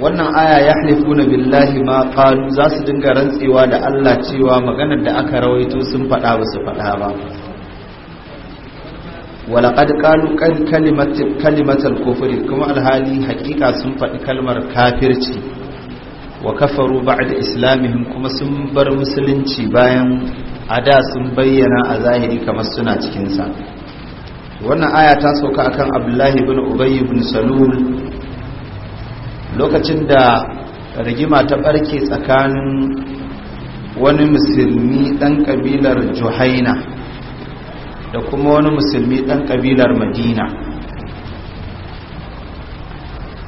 wannan aya ya na billahi ma kalu za su dinga rantsewa da Allah cewa maganar da aka rawaito sun faɗa ba su faɗa ba walaƙad ƙalu kalimatar kufuri kuma alhali haƙiƙa sun faɗi kalmar kafirci wa kafaru ba'da islamihim kuma sun bar musulunci bayan a da sun bayyana a zahiri kamar suna cikinsa wannan aya ta sauka akan abdullahi bin ubayy bin salul lokacin da rigima ta barke tsakanin wani musulmi ɗan ƙabilar juhaina da kuma wani musulmi ɗan ƙabilar madina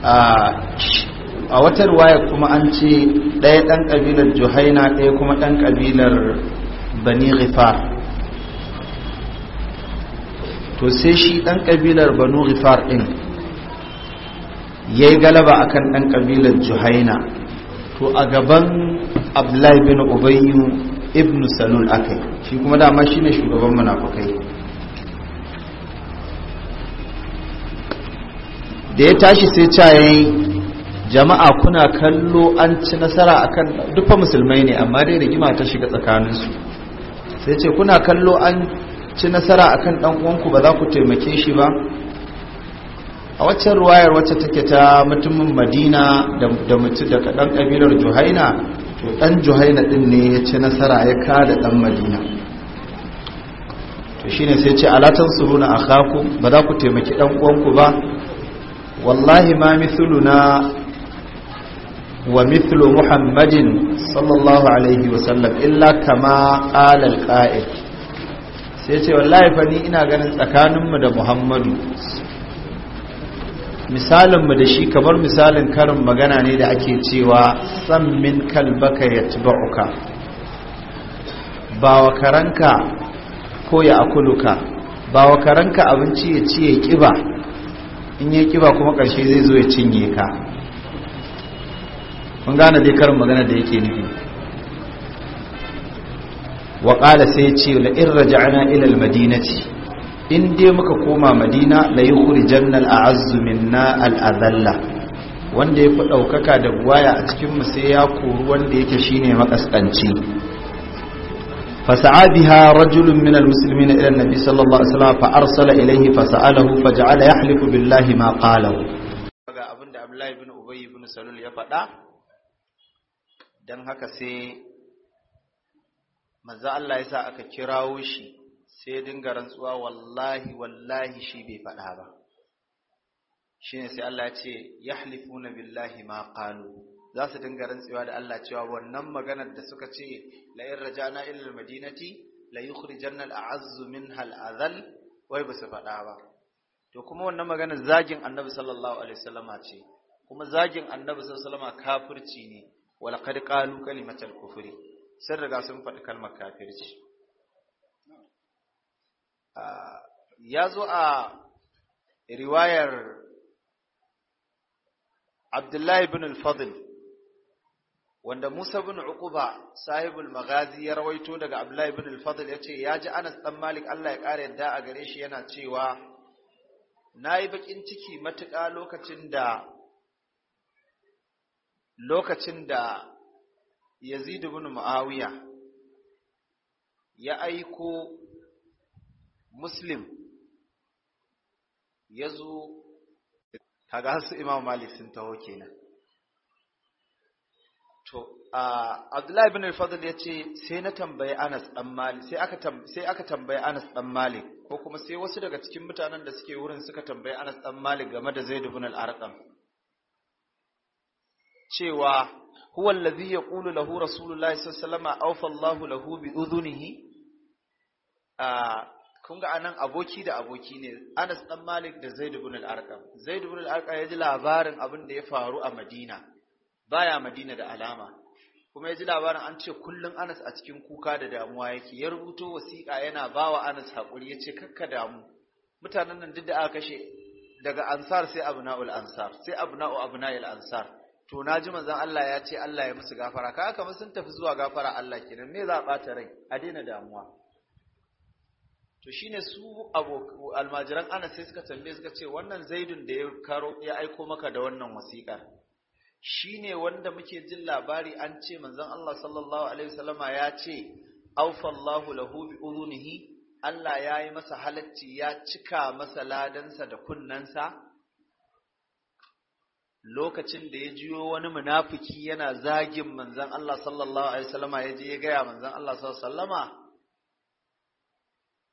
a watar waya kuma an ce ɗaya ɗan ƙabilar juhaina ɗaya kuma ɗan ƙabilar bani rifar to sai shi ɗan ƙabilar bani rifar ɗin ya yi galaba a kan ɗan ƙabilar juhaina to a gaban abdullahi bin ubayyu ibn salul aka shi kuma dama shi ne shugaban munafukai da ya tashi sai cayayi jama'a kuna kallo an ci nasara akan dukkan musulmai ne amma dai rigima ta shiga tsakaninsu sai ce kuna kallo an ci nasara akan ɗan uwanku ba za ku taimake shi ba a waccan ruwayar wacce take ta mutumin madina da mutu da kaɗan ƙabilar juhaina to ɗan juhaina ɗin ne ya ci nasara ya kada ɗan madina to shine sai ce alatan runa a ba za ku taimaki ɗan uwanku ba wallahi ma na wa mithlu muhammadin sallallahu alaihi wasallam illa kama alal ƙa'id sai ce wallahi fa ni ina ganin tsakaninmu da muhammadu misalinmu da shi kamar misalin karin magana ne da ake cewa san min kalbaka ya tuba ba wa karanka ko ya akuluka ba wa karanka abinci ya ci ya kiba in ya kiba kuma ƙarshe zai zo ya cinye ka kun gane dai karin magana da yake nufi wa ƙala sai ce la'in raja'ana ilal madinati in dai muka koma madina la yukhrijanna al'azzu minna al'adalla wanda yafi fi ɗaukaka da buwaya a cikin mu sai ya koru wanda yake shine makaskanci فسعى بها رجل من المسلمين إلى النبي صلى الله عليه وسلم فأرسل إليه فسأله فجعل yahlifu billahi ma qala abin da Abdullahi bin Ubayy ibn Salul ya faɗa dan haka sai manzo Allah yasa aka kirawo shi sai dinga rantsuwa wallahi wallahi shi bai faɗa ba shine sai Allah ya ce yahlifuna billahi ma qalu za su dinga rantsuwa da Allah cewa wannan maganar da suka ce la in rajana ila almadinati la yukhrijanna al'azzu minha wai ba su faɗa ba to kuma wannan maganar zagin annabi sallallahu alaihi wasallama ce kuma zagin annabi sallallahu alaihi wasallama kafirci ne wa laqad qalu kalimatal kufuri. sun riga sun faɗi kalmar kafirci ya zo a riwayar Abdullahi bin al-Fadl wanda Musa bin Uquba sahibul magazi ya rawaito daga Abdullahi bin al-Fadl ce ya ji Anas dan Malik Allah ya kare yadda a gare shi yana cewa na yi bakin ciki matuƙa lokacin da lokacin da Yazid bin Muawiya ya aiko muslim ya zo kaga su imam malik sun taho kenan to abdullahi ibn al-fadl ya ce sai na tambayi anas dan malik sai aka sai aka tambayi anas dan malik ko kuma sai wasu daga cikin mutanen da suke wurin suka tambayi anas dan malik game da zaid ibn al-arqam cewa huwa allazi yaqulu lahu rasulullahi sallallahu alaihi wasallam awfa Allahu lahu bi udhunihi kun ga anan aboki da aboki ne Anas dan Malik da Zaid ibn al-Arqam Zaid ibn al-Arqam ya ji labarin abin da ya faru a Madina baya Madina da alama kuma ya ji labarin an ce kullum Anas a cikin kuka da damuwa yake ya rubuto wasiƙa yana bawa Anas hakuri ya ce kakka damu mutanen nan duk da aka kashe daga ansar sai abna'ul ansar sai abna'u abna'il ansar to na ji manzon Allah ya ce Allah ya musu gafara kaga kamar sun tafi zuwa gafara Allah kenan me za a bata rai a daina damuwa to shine su almajiran ana sai suka tambaye suka ce wannan Zaidun da ya karo ya aiko maka da wannan wasiƙa shine wanda muke jin labari an ce manzon Allah sallallahu alaihi wasallama ya ce awfallahu lahu bi udunihi Allah ya yi masa halacci ya cika masa ladansa da kunnansa lokacin da ya jiyo wani munafiki yana zagin manzon Allah sallallahu alaihi wasallama ya je ya gaya manzon Allah sallallahu alaihi wasallama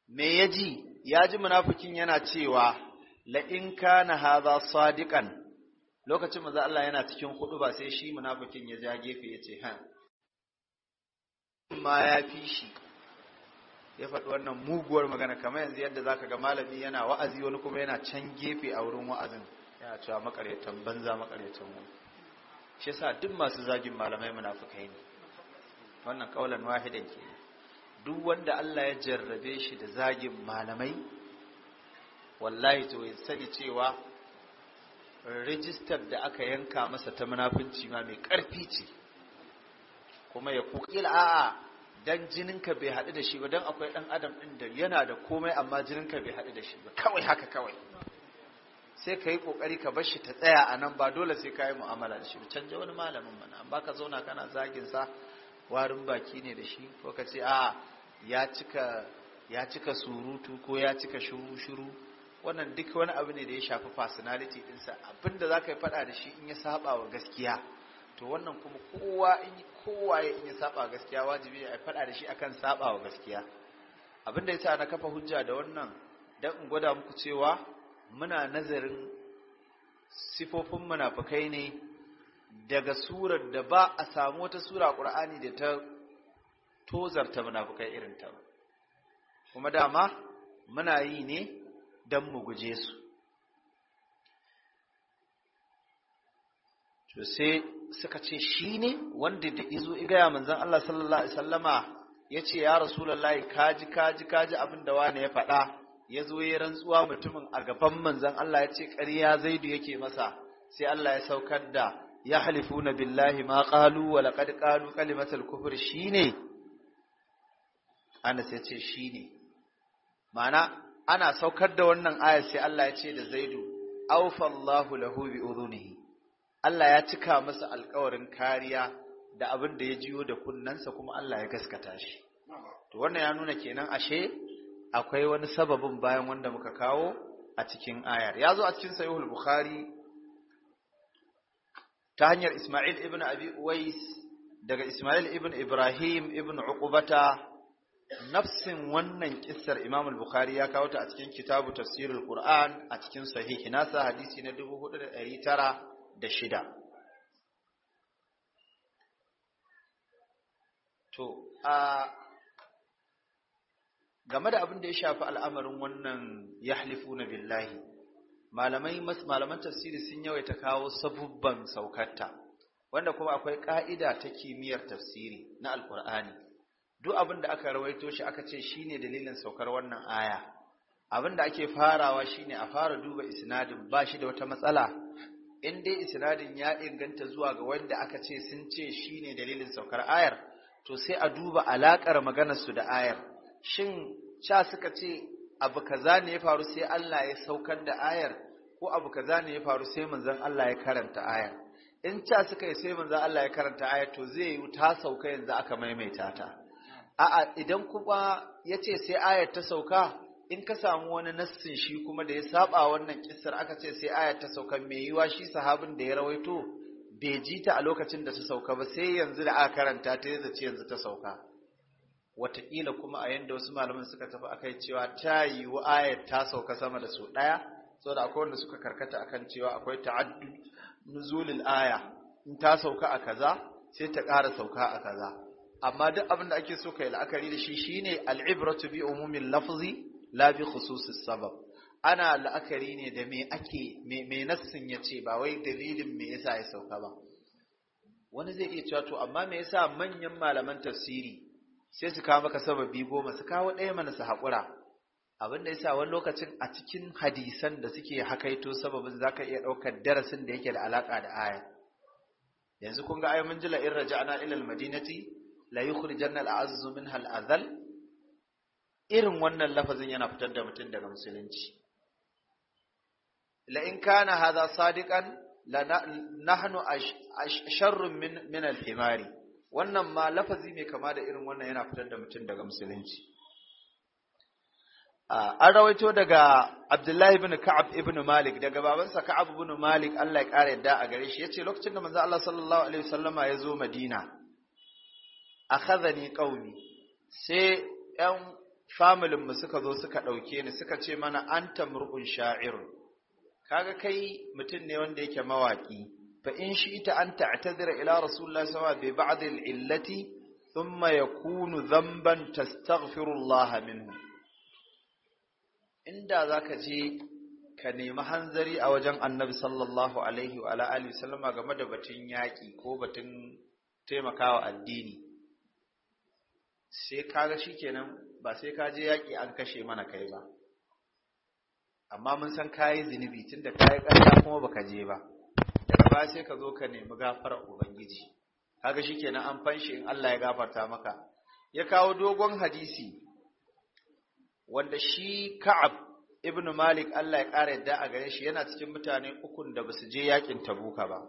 me ya ji ya ji munafikin yana cewa la in kana hadha sadiqan lokacin maza Allah yana cikin hudu ba sai shi munafikin ya ja gefe ya ce ha ma ya fi shi ya faɗi wannan muguwar magana kamar yanzu yadda zaka ga malami yana wa'azi wani kuma yana can gefe a wurin wa'azin yana cewa makaryatan banza makaryatan mu shi yasa duk masu zagin malamai munafikai ne wannan kaulan wahidan ke duk wanda Allah ya jarrabe shi da zagin malamai wallahi to ya sani cewa rijistar da aka yanka masa ta munafunci ma mai karfi ce kuma ya kuƙil a'a dan jininka bai haɗu da shi ba dan akwai ɗan adam ɗin da yana da komai amma jininka bai haɗu da shi ba kawai haka kawai sai ka yi ƙoƙari ka bar shi ta tsaya a nan ba dole sai ka yi mu'amala da shi canja wani malamin mana amma ka zauna kana zagin sa warin baki ne da shi ko ka ce a ya cika surutu ko ya cika shuru-shuru wannan duk wani abu ne da ya shafi personality dinsa. abinda za ka yi faɗa da shi in ya saba wa gaskiya to wannan kuma kowa in ya in ya saba gaskiya wajibi ne a fada da shi akan saba wa gaskiya abinda ya yasa na kafa hujja da wannan don in gwada muku cewa muna nazarin sifofin munafukai ne daga surar da ba a samu wata sura ƙur'ani da ta tozarta munafukai irin ta ba. kuma dama muna yi ne don mu guje su to sai suka ce shi ne wanda da izo igaya manzan Allah sallallahu alaihi sallama ya ce ya rasulullahi kaji kaji kaji abin da wani ya faɗa ya zo ya rantsuwa mutumin a gaban manzan Allah ya ce ƙarya zaidu yake masa sai Allah ya saukar da Ya halifu na billahi ma ƙalu wa ƙalu ƙalimatar kufur shi shine Anas ya ce shine ma'ana ana saukar da wannan ayar sai Allah ya ce da Zaidu aufallahu lahu bi uzunihi Allah ya cika masa alƙawarin kariya da abin da ya jiyo da kunnensa kuma Allah ya gaskata shi to wannan ya nuna kenan ashe akwai wani sababin bayan wanda muka kawo a cikin ayar ya zo a cikin sahihul bukhari ta hanyar Ismail ibn Abi Uwais daga Ismail ibn Ibrahim ibn Uqbata nafsin wannan kissar Imam al-Bukhari ya kawo ta a cikin kitabu al Qur'an a cikin sahihi nasa hadisi na 4906 to a game da abin da ya shafi al'amarin wannan yahlifuna billahi malamai malaman tafsiri sun yawaita kawo sabubban saukarta wanda kuma akwai ka'ida ta kimiyyar tafsiri na alkur'ani duk abin da aka rawaito shi aka ce shine dalilin saukar wannan aya abin da ake farawa shine a fara duba isnadin ba shi da wata matsala in dai isnadin ya inganta zuwa ga wanda aka ce sun ce shine dalilin saukar ayar to sai a duba alakar maganar su da ayar shin cha suka ce abu kaza ne ya faru sai Allah ya saukar da ayar ko abu kaza ne ya faru sai manzon Allah ya karanta ayar in ca suka yi sai manzon Allah ya karanta ayar to zai yi ta sauka yanzu aka maimaita ta a'a idan kuma yace sai ayar ta sauka in ka samu wani nassin shi kuma da ya saba wannan kisar aka ce sai ayar ta sauka mai yiwa shi sahabin da ya rawaito bai ji ta a lokacin da ta sauka ba sai yanzu da aka karanta ta yanzu ta sauka wataƙila kuma a yadda wasu malaman suka tafi akai cewa ta wa ayat ta sauka sama da su ɗaya saboda akwai wanda suka karkata a kan cewa akwai na nuzulul aya in ta sauka a kaza sai ta ƙara sauka a kaza amma duk abin da ake so ka yi la'akari da shi shine al'ibratu bi umumin lafzi la bi khususis sabab ana la'akari ne da me ake me nassin ce ba wai dalilin me yasa ya sauka ba wani zai iya cewa to amma me yasa manyan malaman tafsiri sai su kawo maka sababi goma su kawo ɗaya mana su haƙura abin da yasa wani lokacin a cikin hadisan da suke hakaito sababin ka iya ɗaukar darasin da yake da alaƙa da aya yanzu kun ga ayi mun ji in raja'na ila madinati la yukhrijanna al-azzu minha al-azal irin wannan lafazin yana fitar da mutum daga musulunci la in kana hadha sadiqan la nahnu asharrun min min al-himari wannan ma lafazi mai kama da irin wannan yana fitar da mutum daga musulunci an rawaito daga Abdullahi ibn Ka'ab ibn Malik daga babansa Ka'ab ibn Malik Allah ya kare yadda a gare shi yace lokacin da manzo Allah sallallahu alaihi wasallama ya zo Madina akhadhani qaumi sai 'yan familin mu suka zo suka dauke ni suka ce mana anta mur'un sha'ir kaga kai mutum ne wanda yake mawaki fa in shi'ta an ta'tazira ila rasulullah sallallahu alaihi wasallam bi ba'd al-illati thumma yakunu dhanban tastaghfirullah minhu inda zaka je ka nemi hanzari a wajen annabi sallallahu alaihi wa alihi sallama game da batun yaƙi ko batun taimakawa addini sai kaga shikenan ba sai ka je yaƙi an kashe mana kai ba amma mun san kayi zunubi tunda kayi ƙarya kuma baka je ba Ba sai ka zo ka nemi gafarar ubangiji shi kenan an fanshi in Allah ya gafarta maka ya kawo dogon hadisi wanda shi Ka'ab ibn Malik Allah ya ƙara yadda a gare shi yana cikin mutane ukun da basu je yakin Tabuka ba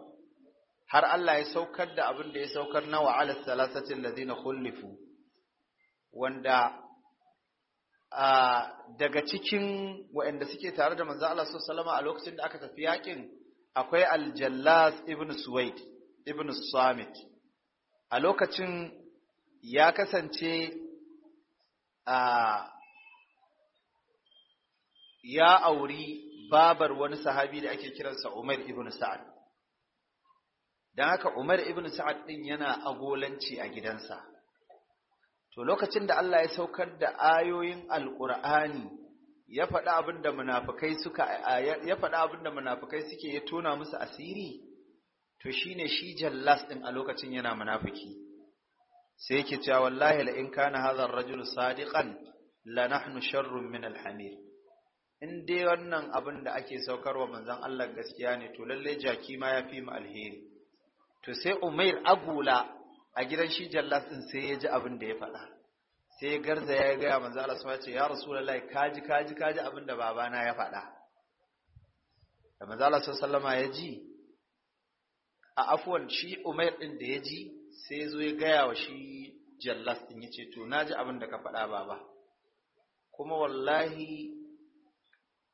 har Allah ya saukar da abin da ya saukar na wa'ala salasatin ladina khullifu wanda daga cikin wa'anda suke tare da manzo Allah sallallahu alaihi a lokacin da aka tafi yakin akwai aljallas ibn suwaid ibn samit a lokacin ya kasance a ya auri babar wani sahabi da ake kiransa umar ibn sa'ad don haka umar ibn sa'ad ɗin yana agolanci a gidansa to lokacin da Allah ya saukar da ayoyin alkur'ani ya faɗa abin da munafukai suka ya faɗa abin da munafukai suke ya tona musu asiri to shine shi jallas din a lokacin yana munafiki sai yake cewa wallahi la in kana hadha ar-rajulu sadiqan la nahnu sharrun min al-hamir in dai wannan abin da ake saukarwa manzon Allah gaskiya ne to lalle jaki ma yafi mu alheri to sai Umair Agula a gidan shi jallas din sai ya ji abin da ya faɗa sai garza ya gaya manzo Allah sallallahu alaihi ya rasulullahi kaji kaji kaji abinda babana ya faɗa da manzo Allah sallallahu alaihi ya ji a afwan shi Umair din da ya ji sai zo ya gaya wa shi Jallas din yace to naji abinda ka faɗa baba kuma wallahi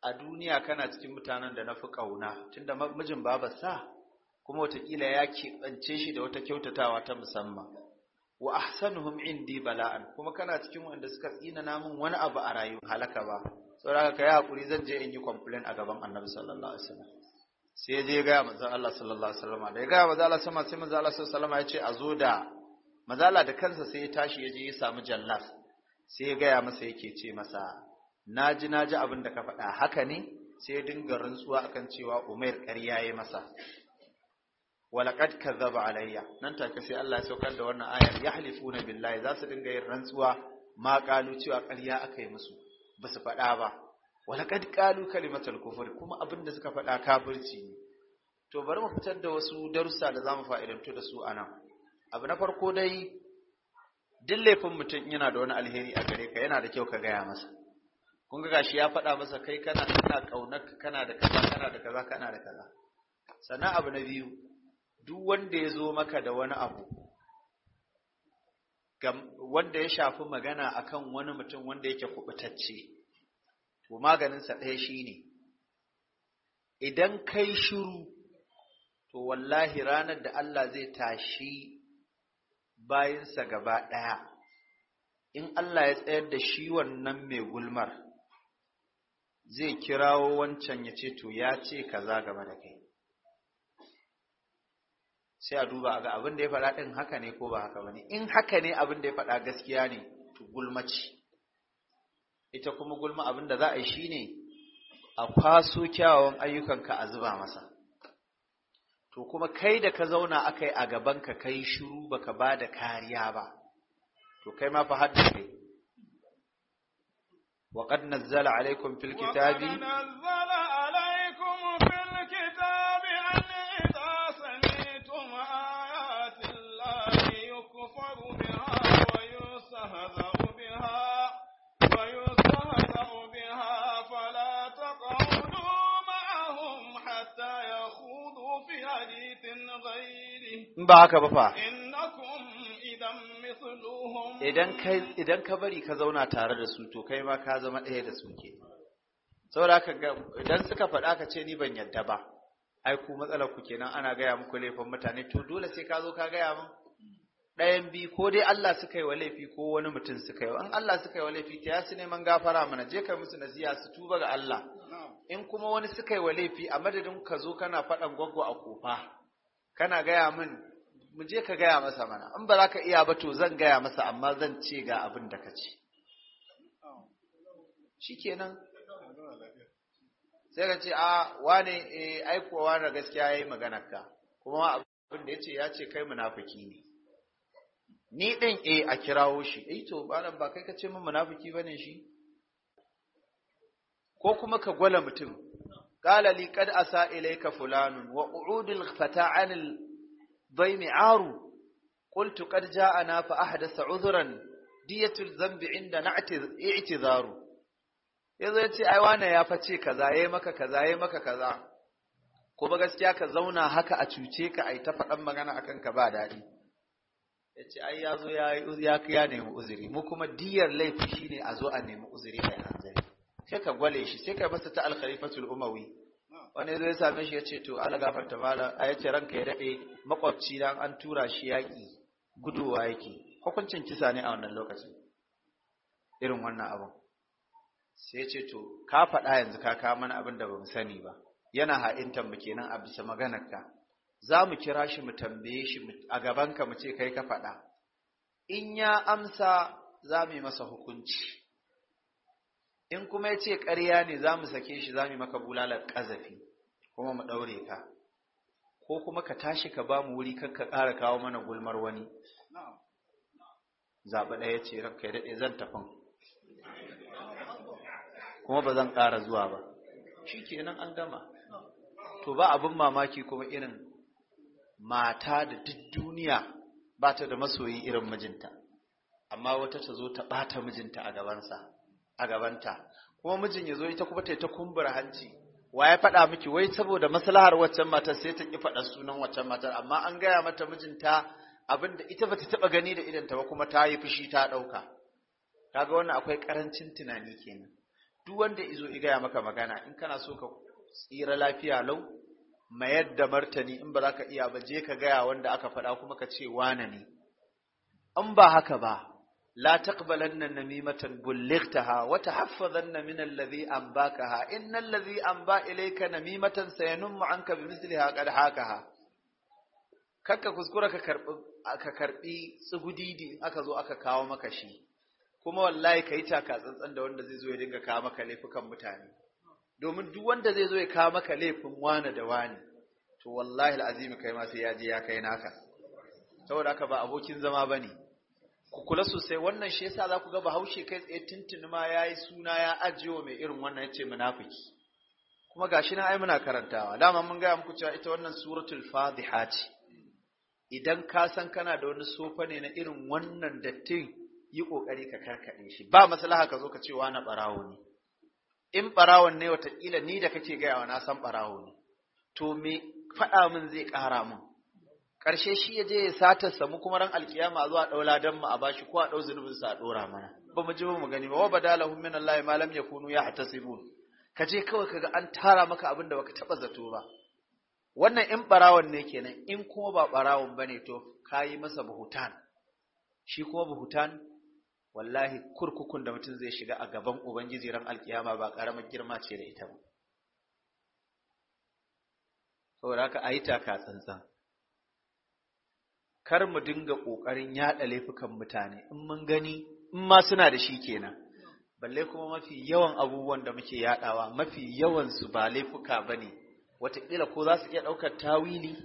a duniya kana cikin mutanen da na fi ƙauna tunda mijin babarsa kuma watakila ya keɓance shi da wata kyautatawa ta musamman wa ahsanuhum indi bala'an kuma kana cikin wanda suka tsina namun wani abu a rayuwa halaka ba saboda kai hakuri zan je in yi complain a gaban Annabi sallallahu alaihi wasallam sai je ga manzo Allah sallallahu alaihi wasallam da ga manzo Allah wasallam sai manzo Allah sallallahu alaihi wasallam ya ce a zo da mazala da kansa sai ya tashi ya je ya samu jallas sai ya gaya masa yake ce masa naji naji abin da ka faɗa haka ne sai ya dinga rantsuwa akan cewa Umair ƙarya yayi masa walaqad a alayya nan take sai Allah ya saukar da wannan ayar halifuna billahi za su dinga yin rantsuwa ma kalu cewa ƙarya aka yi musu ba su faɗa ba walaqad qalu kalimatul kufur kuma abin da suka faɗa kafirci ne to bari mu fitar da wasu darussa da zamu fa'idantu da su a nan abu na farko dai duk laifin mutum yana da wani alheri a gare ka yana da kyau ka gaya masa kun ga gashi ya faɗa masa kai kana kana kaunar kana da kaza kana da kaza kana da kaza sannan abu na biyu duk wanda ya zo maka da wani abu wanda ya shafi magana akan wani mutum wanda yake kubutacce to maganinsa ɗaya shine idan kai shiru to wallahi ranar da Allah zai tashi bayansa gaba ɗaya in Allah ya tsayar da shi wannan mai gulmar zai kirawo wancan ya ce to ya ce kaza gaba da kai sai a duba ga abin da ya faɗa ɗin haka ne ko ba haka ba ne in haka ne abin da ya faɗa gaskiya ne to gulma ce ita kuma gulma abin da za a yi shi ne a kwaso kyawawan ayyukanka a zuba masa to kuma kai da ka zauna aka yi a ka kai shiru baka ba da kariya ba to kai ma fa hadda kai وقد نزل عليكم في الكتاب ba haka ba fa idan ka bari ka zauna tare da su to kai ma ka zama ɗaya da su ke saboda idan suka faɗa ka ce ni ban yadda ba ai ku matsalar ku kenan ana gaya muku laifin mutane to dole sai ka zo ka gaya min ɗayan bi ko dai Allah suka yi wa laifi ko wani mutum suka yi in Allah suka yi wa laifi ta yasu neman gafara mana je kai musu nasiha su tuba ga Allah in kuma wani suka yi wa laifi a madadin ka zo kana faɗan gwaggo a kofa kana gaya min mu je ka gaya masa mana in ba za ka iya ba to zan gaya masa amma zan ce ga abin da ka ce kenan sai ka ce a wane eh, aikowa wane gaskiya ya yi magana ka kuma abin da ce, ya ce kai munafiki ne ni ɗin e a kirawo shi e to malam ba kai ka ce min munafiki ne shi ko kuma ka gwala mutum qala li qad asa ilayka fulanun wa uudul fata ضيمعار قلت قد جاءنا فأحدث عذرا دية الذنب عندنا اعتذار yazo ya ce ai wane ya face kaza yayi maka kaza yayi maka kaza kuma gaskiya ka zauna haka a cuce ka ai ta faɗan magana akan ka ba daɗi ya ce ai ya zo ya ya nemi uzuri mu kuma diyar laifi shine a zo a nemi uzuri a hanzari sai ka gwale shi sai ka masa ta alkhalifatul umawi wani zai same shi ya ce to ala gafarta malam a yace ranka ya daɗe makwabci dan an tura shi yaƙi guduwa yake hukuncin kisa ne a wannan lokacin irin wannan abun sai ce to ka faɗa yanzu ka kawo mana abin da ba mu sani ba yana ha'intan mu kenan a bisa maganar ka za mu kira shi mu tambaye shi a gabanka mu ce kai ka faɗa in ya amsa za mu yi masa hukunci in kuma ya ce ƙarya ne za mu sake shi za mu yi maka bulalar ƙazafi kuma mu ɗaure ka ko kuma ka tashi ka ba mu wuri kan ka ƙara kawo mana gulmar wani zaɓi ɗaya ce ranka ya daɗe zan tafin kuma ba zan ƙara zuwa ba shi kenan an gama to ba abin mamaki kuma irin mata da duk duniya ba ta da masoyi irin mijinta amma wata ta zo ta ɓata mijinta a gabansa a gabanta kuma mijin ya zo ita kuma ta yi ta kumbura hanci wa ya faɗa miki wai saboda maslahar waccan matar sai ta ki faɗa sunan waccan matar amma an gaya mata mijinta abinda ita bata taɓa gani da idanta ba kuma ta yi fushi ta ɗauka kaga wannan akwai ƙarancin tunani kenan duk wanda izo i gaya maka magana in kana so ka tsira lafiya lau mayar da martani in ba za ka iya ba je ka gaya wanda aka faɗa kuma ka ce wane ne in ba haka ba la taqbalanna namimatan bullightaha wa tahaffazanna min alladhi anbakaha innal ladhi anba ilayka namimatan sayanummu anka bimithliha qad hakaha kakka kuskura ka karɓi ka karbi tsugudidi aka zo aka kawo maka shi kuma wallahi kai taka tsantsan da wanda zai zo ya dinga kawo maka laifukan mutane domin duk wanda zai zo ya kawo maka laifin wane da wane to wallahi alazimi kai ma sai ya je ya kai naka saboda haka ba abokin zama bane ku kula sosai wannan shi yasa za ku ga bahaushe kai tsaye tuntuni ma ya yi suna ya ajiyewa mai irin wannan ya ce munafiki kuma gashi na ai muna karantawa dama mun gaya muku cewa ita wannan suratul fadiha ce idan ka san kana da wani sofa ne na irin wannan dattin yi kokari ka karkaɗe shi ba maslaha ka zo ka ce wani barawo ne in barawon ne watakila ni da kake gaya wa na san barawo ne to me faɗa min zai ƙara mun Karshe shi ya je ya sata samu kuma ran alkiyama zuwa ɗau ladan mu a bashi ko a ɗau zunubin sa a ɗora mana ba mu ji ba mu gani ba wa badalahum min Allah ma lam yakunu yahtasibun ka je kawai kaga an tara maka abin da baka taba zato ba wannan in barawon ne kenan in kuma ba barawon bane to kayi masa buhutan shi kuma buhutan wallahi kurkukun da mutum zai shiga a gaban ubangiji ran alkiyama ba karamar girma ce da ita ba saboda haka ayi taka tsantsan kar mu dinga ƙoƙarin yaɗa laifukan mutane in mun gani in ma suna da shi kenan balle kuma mafi yawan abubuwan da muke yaɗawa mafi yawan su ba laifuka ba ne wataƙila ko za su iya ɗaukar tawili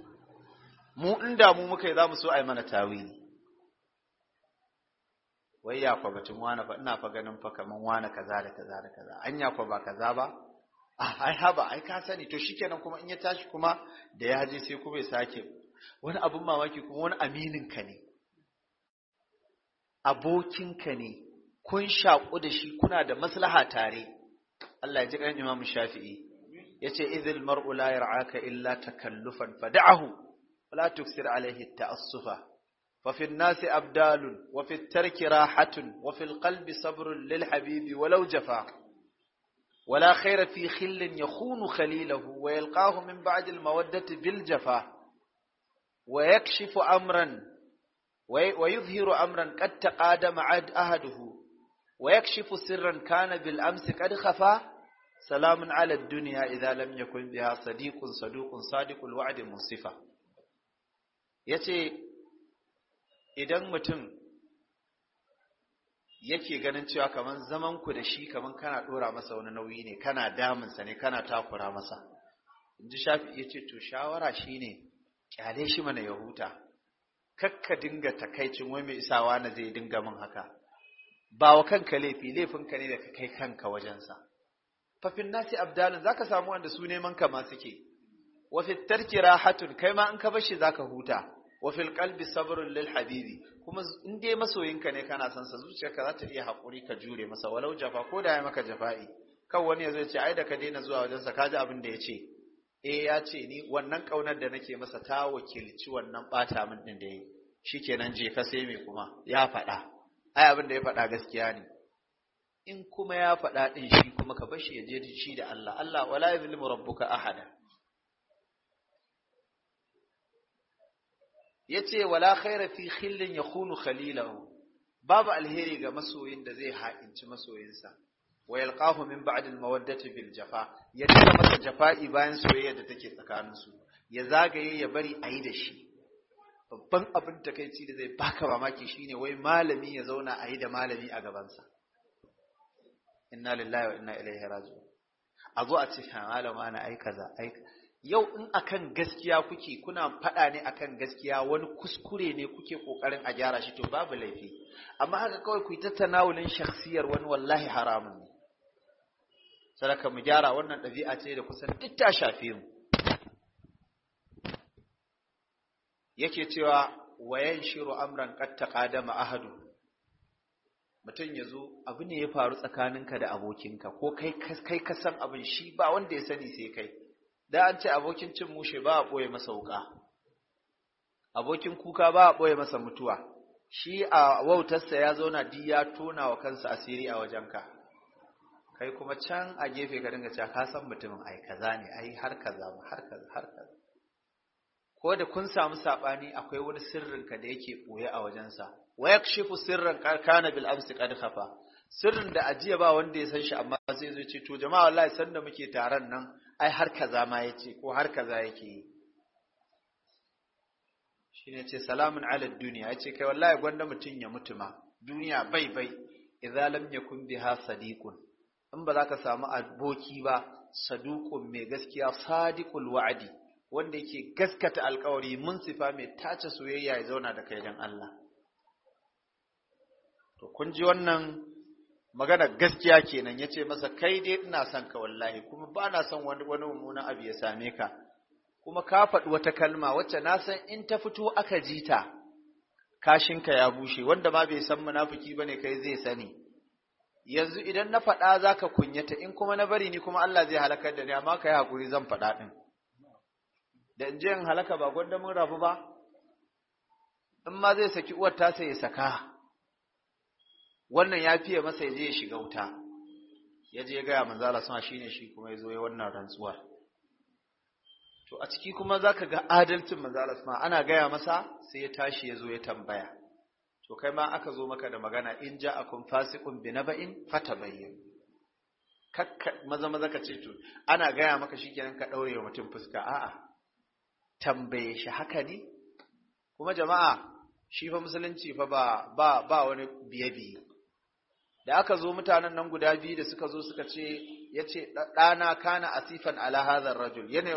mu inda mu muka yi za mu so a yi mana tawili wai ya kwa batun wani fa ina fa ganin fa kaman wani kaza da kaza da kaza an ya kwa ba kaza ba ah, ai haba ai ka sani to shikenan kuma in ya tashi kuma da ya je sai kuma ya sake wani abin mamaki kuma wani amininka ne abokinka ne kun shaƙu da shi kuna da maslaha tare Allah ya ji ƙarin Imam Shafi'i yace idhil mar'u la yar'aka illa takallufan fad'ahu wala tuksir alayhi ta'assufa fa fi an-nas abdalun wa fi at-tarki rahatun wa fi al-qalbi sabrun lil habibi walau jafa ولا خير khalilahu wa يخون min ويلقاه من بعد المودة بالجفا wa yakshifu amran wa yuzhiru amran qad taqadama ahaduhu wa yakshifu sirran kana bil amsi qad khafa salamun ala dunya idza lam yakun biha sadiqun saduqun sadiqul wa'di musifa yace idan mutum yake ganin cewa kaman zaman ku da shi kaman kana dora masa wani nauyi ne kana damunsa ne kana takura masa inji shafi yace to shawara shine kyale shi mana ya huta kakka dinga takaicin wai mai isawa na zai dinga min haka ba wa kanka laifi laifinka ne da ka kai kanka wajensa fafin nasi abdalin za ka samu wanda su neman ka ma suke Wafi tarki rahatun kai ma in ka bashi za ka huta Wafi kalbi sabrun lil habibi kuma in dai masoyinka ne kana son sa zuciyarka za ta iya haƙuri ka jure masa walau jafa ko da ya maka jafa'i kan wani ya zo ya ce ai da ka daina zuwa wajensa ka ji abin da ya ce eh ya ce ni wannan ƙaunar da nake masa ta wakilci wannan bata min din da yi shikenan je ka sai me kuma ya faɗa ai abin da ya faɗa gaskiya ne in kuma ya faɗa din shi kuma ka bashi ya je shi da Allah Allah wala yuzlimu rabbuka ahada yace wala khaira fi khillin yakhunu khalilahu babu alheri ga masoyin da zai ha'inci masoyinsa wa yalqahu min ba'd al-mawaddati fil jafa ya dinga masa jafa'i bayan soyayya da take tsakanin su ya zagaye ya bari ayi da shi babban abin takaici da zai baka mamaki shine wai malami ya zauna ayi da malami a gabansa inna lillahi wa inna ilaihi raji'un a zo a ce malama na ai kaza ai yau in akan gaskiya kuke kuna faɗa ne akan gaskiya wani kuskure ne kuke ƙoƙarin a gyara shi to babu laifi amma haka kawai ku yi ta shakhsiyar wani wallahi haramun ne saraka mu gyara wannan ɗabi'a ce da kusan duk ta shafe mu yake cewa wayan shiru amran qad taqadama ahadu mutum ya zo abu ne ya faru tsakaninka da abokinka ko kai kai ka san abin shi ba wanda ya sani sai kai da an ce abokin cin mushe ba a ɓoye masa wuka abokin kuka ba a ɓoye masa mutuwa shi a wautarsa ya zauna di ya tona wa kansa asiri a wajenka kai kuma can a gefe ka dinga cewa ka san mutumin ai kaza ne ai har kaza har kaza har kaza ko da kun samu sabani akwai wani sirrin ka da yake boye a wajen sa wa yakshifu sirran kana bil amsi qad khafa sirrin da ajiya ba wanda ya san shi amma sai zai ce to jama'a wallahi san da muke taron nan ai har kaza ma yace ko har kaza yake yi shine ce salamun ala duniya yace kai wallahi gwanda mutun ya mutuma ma duniya bai bai idza lam yakun biha sadiqun in ba za ka samu aboki ba saduƙun mai gaskiya sadiƙul wa'adi wanda yake gaskata alƙawari, alkawari munsifa mai tace soyayya ya zauna da kai dan Allah to kun ji wannan magana gaskiya kenan yace masa kai dai ina son ka wallahi kuma ba na son wani wani mummunan abu ya same ka kuma ka faɗi wata kalma wacce na san in ta fito aka ji ta kashinka ya bushe wanda ma bai san munafiki bane kai zai sani yanzu idan na faɗa za ka kunyata in kuma na bari ni kuma Allah zai halakar da ni amma ka yi haƙuri zan faɗa ɗin da in je in halaka ba gwanda mun rabu ba in ma zai saki uwar ta sai ya saka wannan ya fiye masa ya je ya shiga wuta ya je ya gaya manzo suna shi shine shi kuma ya zo ya wannan rantsuwar to a ciki kuma za ka ga adalcin manzo Allah ana gaya masa sai ya tashi ya zo ya tambaya to kai ma aka zo maka da magana in ja ja'akum fasiqun naba'in fatabayyin kakka maza maza ka ce to ana gaya maka shikenan ka daure wa mutum fuska a'a tambaye shi haka ne kuma jama'a shi fa musulunci fa ba ba ba wani biye biye da aka zo mutanen nan guda biyu da suka zo suka ce yace ɗana kana asifan ala hadha rajul yana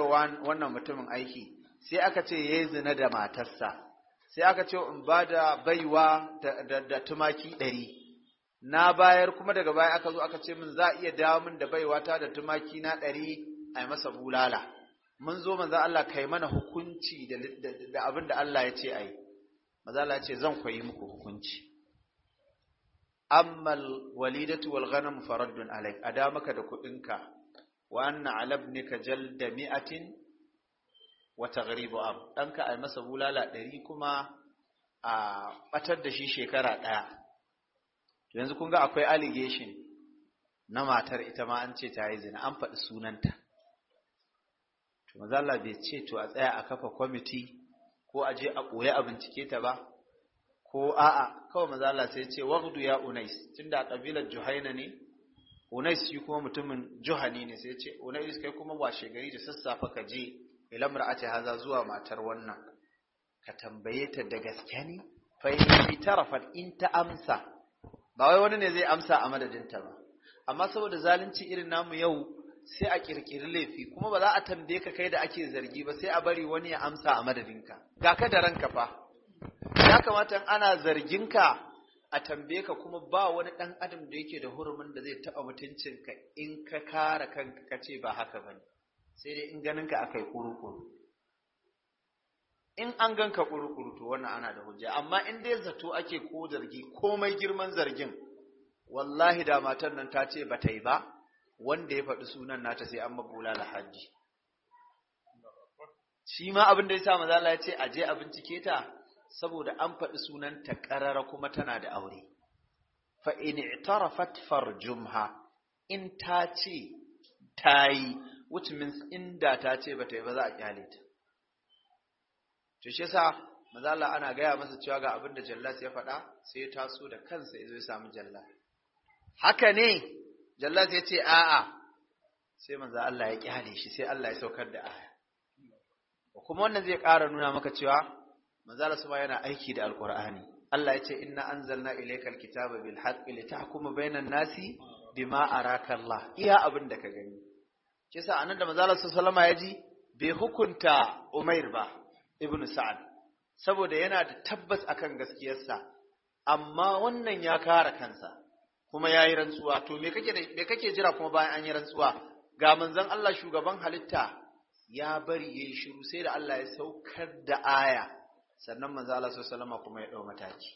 wannan mutumin aiki sai aka ce yayi zina da matarsa sai aka ce in ba da baiwa da tumaki ɗari na bayar kuma daga baya aka zo aka ce min za iya dawo min da baiwa ta da tumaki na ɗari a yi masa bulala mun zo manzo Allah yi mana hukunci da abin da Allah ya ce a yi Allah ya ce zan koyi muku hukunci Ammal walidatu wal ghanam faraddun alaik a da maka da kuɗinka wa anna alabnika jalda mi'atin wata garibu am ɗanka a masa bulala ɗari kuma a batar da shi shekara ɗaya yanzu kun ga akwai allegation na matar ita ma an ce ta yi zina an faɗi sunanta to mazalla bai ce to a tsaya a kafa kwamiti ko a je a ɓoye a bincike ta ba ko a'a kawai mazalla sai ce wagdu ya unais tunda kabilar ƙabilar juhaina ne unais shi kuma mutumin juhani ne sai ce unais kai kuma washe gari da sassafa ka je ila mar'ati haza zuwa matar wannan ka tambaye ta da gaske ne fa in in ta amsa ba wai wani ne zai amsa a madadinta ba amma saboda zalunci irin namu yau sai a kirkiri laifi kuma ba za a tambaye ka kai da ake zargi ba sai a bari wani ya amsa a madadinka ga ka da ranka fa ya kamata ana zarginka a tambaye ka kuma ba wani ɗan adam da yake da hurumin da zai taɓa mutuncinka in ka kare kanka ka ce ba haka ba ne sai dai in ganin ka akai kurukuru in an ganka kurukuru to wannan ana da hujja amma in dai zato ake ko zargi komai girman zargin wallahi da matar nan ta ce bata yi ba wanda ya faɗi sunan nata sai an mabula da haji shi ma abin da ya sa mazala ya ce a je a bincike ta saboda an faɗi sunan ta ƙarara kuma tana da aure fa in i'tarafat farjumha in ta ce ta yi which means inda ta ce ba ta yi ba za a kyale ta to shi yasa manzo Allah ana gaya masa cewa ga abin da Jallas ya faɗa sai ya taso da kansa ya zo ya samu Jallas haka ne Jallas ya ce a'a sai manzo Allah ya kyale shi sai Allah ya saukar da aya kuma wannan zai ƙara nuna maka cewa manzo Allah ba yana aiki da alqur'ani Allah ya ce inna anzalna ilaykal kitaba bil haqqi litahkuma bainan nasi bima araka Allah iya abin da ka gani shi yasa anan da manzala sallama ya ji bai hukunta Umair ba ibn Sa'ad saboda yana da tabbas akan gaskiyarsa amma wannan ya kara kansa kuma yayi rantsuwa to me kake me kake jira kuma bayan an yi rantsuwa ga manzon Allah shugaban halitta ya bari yayi shiru sai da Allah ya saukar da aya sannan manzo Allah kuma ya dau mataki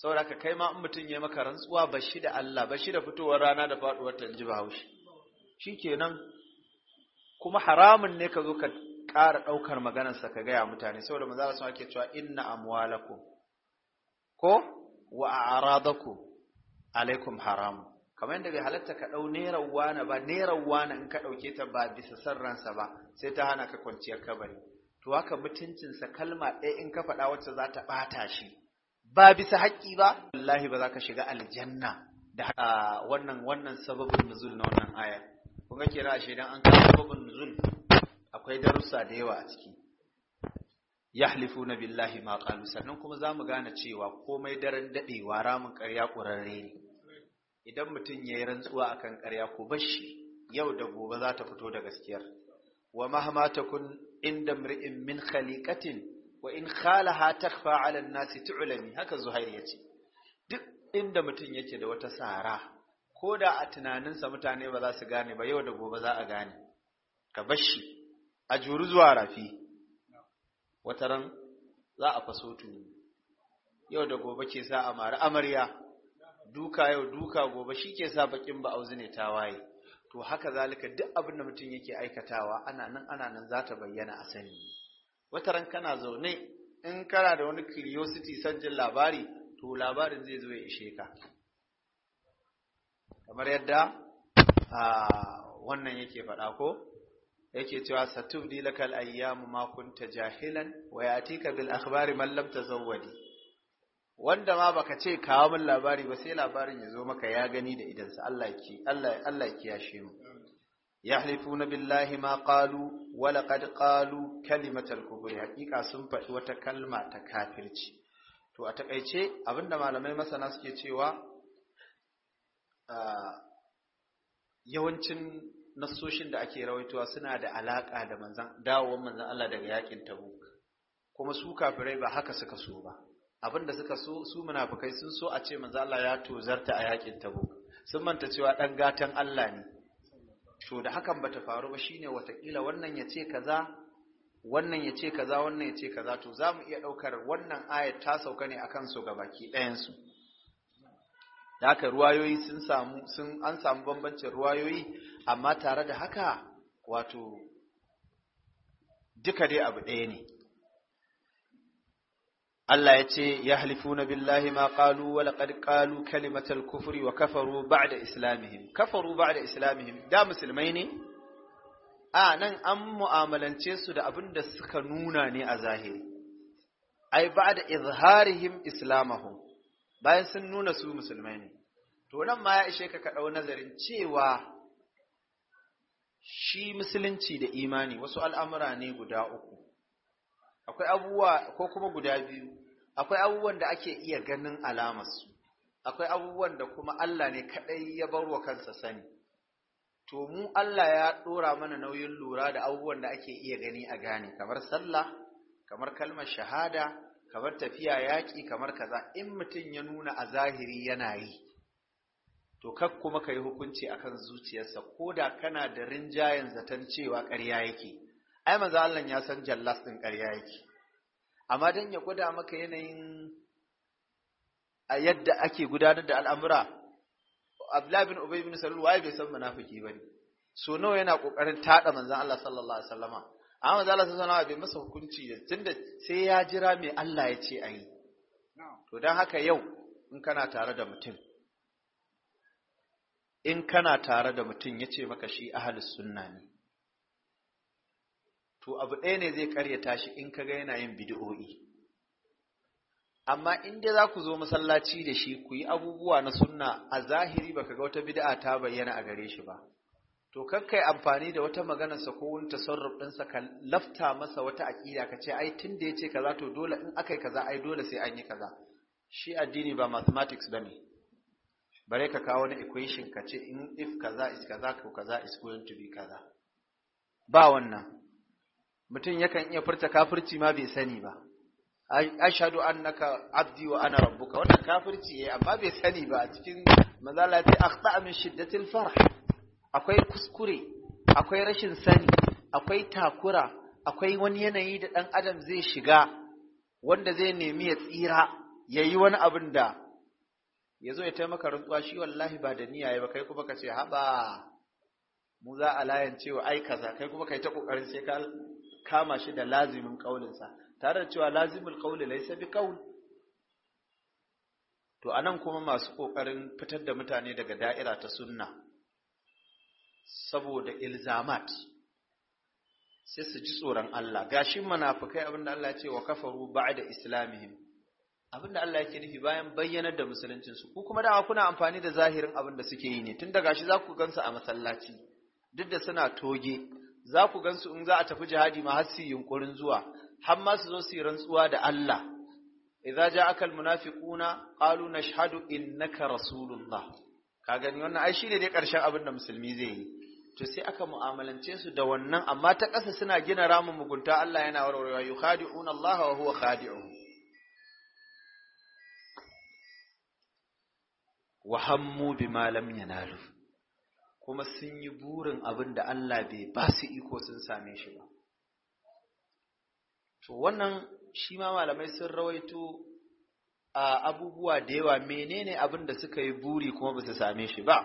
saboda ka kai ma in mutun yayi maka rantsuwa bashi da Allah bashi da fitowar rana da faduwar tanjiba haushi shi kenan kuma haramun ne ka zo ka ƙara ɗaukar maganarsa ka gaya mutane saboda maza Allah ake cewa inna amwalakum ko wa a'radakum alaikum haramu. kamar yadda bai halatta ka ɗau naira wana ba naira wana in ka ɗauke ta ba bisa san ransa ba sai ta hana ka kwanciyar kabari to haka mutuncinsa kalma ɗaya in ka faɗa wacce za ta ɓata shi ba bisa haƙƙi ba wallahi ba za ka shiga aljanna da wannan wannan sababin nuzul na wannan ayar kuma kira shi shaidan an kawo babun nuzul akwai darussa da yawa a ciki na billahi ma sannan kuma za mu gane cewa komai daren wa ramin ƙarya ƙurarre ne idan mutum ya yi rantsuwa a kan ƙarya ko bashi yau da gobe za ta fito da gaskiyar wa mahamata kun inda mri'in min khaliqatin wa in khalaha takfa 'ala an-nasi tu'lami haka zuhair ce. duk inda mutum yake da wata sara ko da a tunaninsa mutane ba za su gane ba yau da gobe za a gane ka bashi a juri zuwa rafi wataran za a faso tuni yau da gobe ke sa a mara amarya duka yau duka gobe shi ke sa bakin ba auzi ne ta waye. to haka zalika duk abin da mutum yake aikatawa ana nan ana nan za ta bayyana a sani wataran kana zaune in kana da wani curiosity sanjin labari to labarin zai zo ya ishe ka kamar yadda wannan yake faɗa ko yake cewa satubdi lakal ayyamu ma kunta jahilan wa yatika bil akhbari man lam tazawwadi wanda ma baka ce kawo min labari ba sai labarin ya zo maka ya gani da sa Allah ki Allah Allah ki yashe mu yahlifuna billahi ma qalu wa laqad qalu kalimatal kufri hakika sun faɗi wata kalma ta kafirci to a takaice abinda malamai masana suke cewa yawancin nassoshin da ake rawaitowa suna da alaƙa da manzan dawowar manzan Allah daga yakin Tabuk kuma su kafirai ba haka suka so ba abinda suka so su munafikai sun so a ce manzan Allah ya tozarta a yakin Tabuk sun manta cewa dan gatan Allah ne to da hakan bata faru ba shine watakila wannan ya ce kaza wannan ya ce kaza wannan ya ce kaza to za mu iya ɗaukar wannan ayat ta sauka ne akan su gabaki ɗayansu da haka ruwayoyi sun samu sun an samu bambancin ruwayoyi amma tare da haka wato duka dai abu ɗaya ne Allah ya ce ya halifu na billahi ma ƙalu wa laqad ƙalu kalimatar kufuri wa kafaru da islamihim kafaru ba'da islamihim da musulmai ne a nan an mu'amalance su da abin da suka nuna ne a zahiri ai ba'da izharihim islamahum bayan sun nuna su musulmai ne to nan ma ya ishe ka kaɗau nazarin cewa shi musulunci da imani wasu al'amura ne guda uku akwai abubuwa ko kuma guda biyu akwai abubuwan da ake iya ganin alamarsu akwai abubuwan da kuma Allah ne kaɗai ya bar wa kansa sani to mu Allah ya ɗora mana nauyin lura da abubuwan da ake iya gani a gane kamar sallah kamar kalmar shahada kamar tafiya yaƙi kamar kaza in mutum ya nuna a zahiri yana yi to kak kuma ka yi hukunci akan zuciyarsa ko da kana da rinjayen zaton cewa ƙarya yake ai manzo Allah ya san jallas ɗin ƙarya yake amma don ya gwada maka yanayin a yadda ake gudanar da al'amura Abdullahi bin Ubay bin Salul wai bai san munafiki bane so nawa yana kokarin tada manzo Allah sallallahu alaihi wasallama amma zala sun sanawa bai masa hukunci da tunda sai ya jira mai Allah ya ce a yi to don haka yau in kana tare da mutum in kana tare da mutum ya ce maka shi ahalus sunna ne to abu ɗaya ne zai karyata tashi in ka ga yana yin bid'o'i amma in dai za ku zo masallaci da shi ku yi abubuwa na sunna a zahiri baka ga wata bid'a ta bayyana a gare shi ba to kakkai amfani da wata maganarsa ko wani tasarruf ɗinsa ka lafta masa wata aƙida ka ce ai tun da ya ce kaza to dole in aka kaza ai dole sai an yi kaza shi addini ba mathematics ba ne bare ka kawo wani equation ka ce in if kaza is kaza ko kaza is going to be kaza ba wannan mutum yakan iya furta kafirci ma bai sani ba ashhadu annaka abdi wa ana rabbuka wannan kafirci yayi amma bai sani ba a cikin mazalati ta akhta min shiddatil farh akwai kuskure akwai rashin sani akwai takura akwai wani yanayi da ɗan adam zai shiga wanda zai nemi ya tsira ya yi wani abin da ya zo ya taimaka rantsuwa shi wallahi ba da niyya ba kai kuma ka ce haɓa mu za a layan cewa ai kaza kai kuma kai ta ƙoƙarin sai ka kama shi da lazimin kaulinsa tare da cewa lazimin ƙaunin lai sabi ƙaun? to anan kuma masu ƙoƙarin fitar da mutane daga da'ira ta sunna saboda ilzamat sai su ji tsoron Allah gashi munafikai abinda Allah ya ce wa kafaru ba'da islamihim abinda Allah yake nufi bayan bayyanar da musuluncin su ku kuma da kuna amfani da zahirin abinda suke yi ne tunda gashi zaku gansu a masallaci duk da suna toge zaku gansu in za a tafi jihadi ma har su yunkurin zuwa har ma su zo su yi rantsuwa da Allah idza ja'aka almunafiquna qalu nashhadu innaka rasulullah ka gani wannan ai shine dai ƙarshen abin da musulmi zai yi to sai aka mu'amalance su da wannan amma ta ƙasa suna gina ramin mugunta Allah yana warwarewa yukhadi'una Allah wa huwa khadi'uhum wa hammu bima lam yanalu kuma sun yi burin abin da Allah bai ba su iko sun same shi ba to wannan shi ma malamai sun rawaito abubuwa da yawa menene abin da suka yi buri kuma ba su same shi ba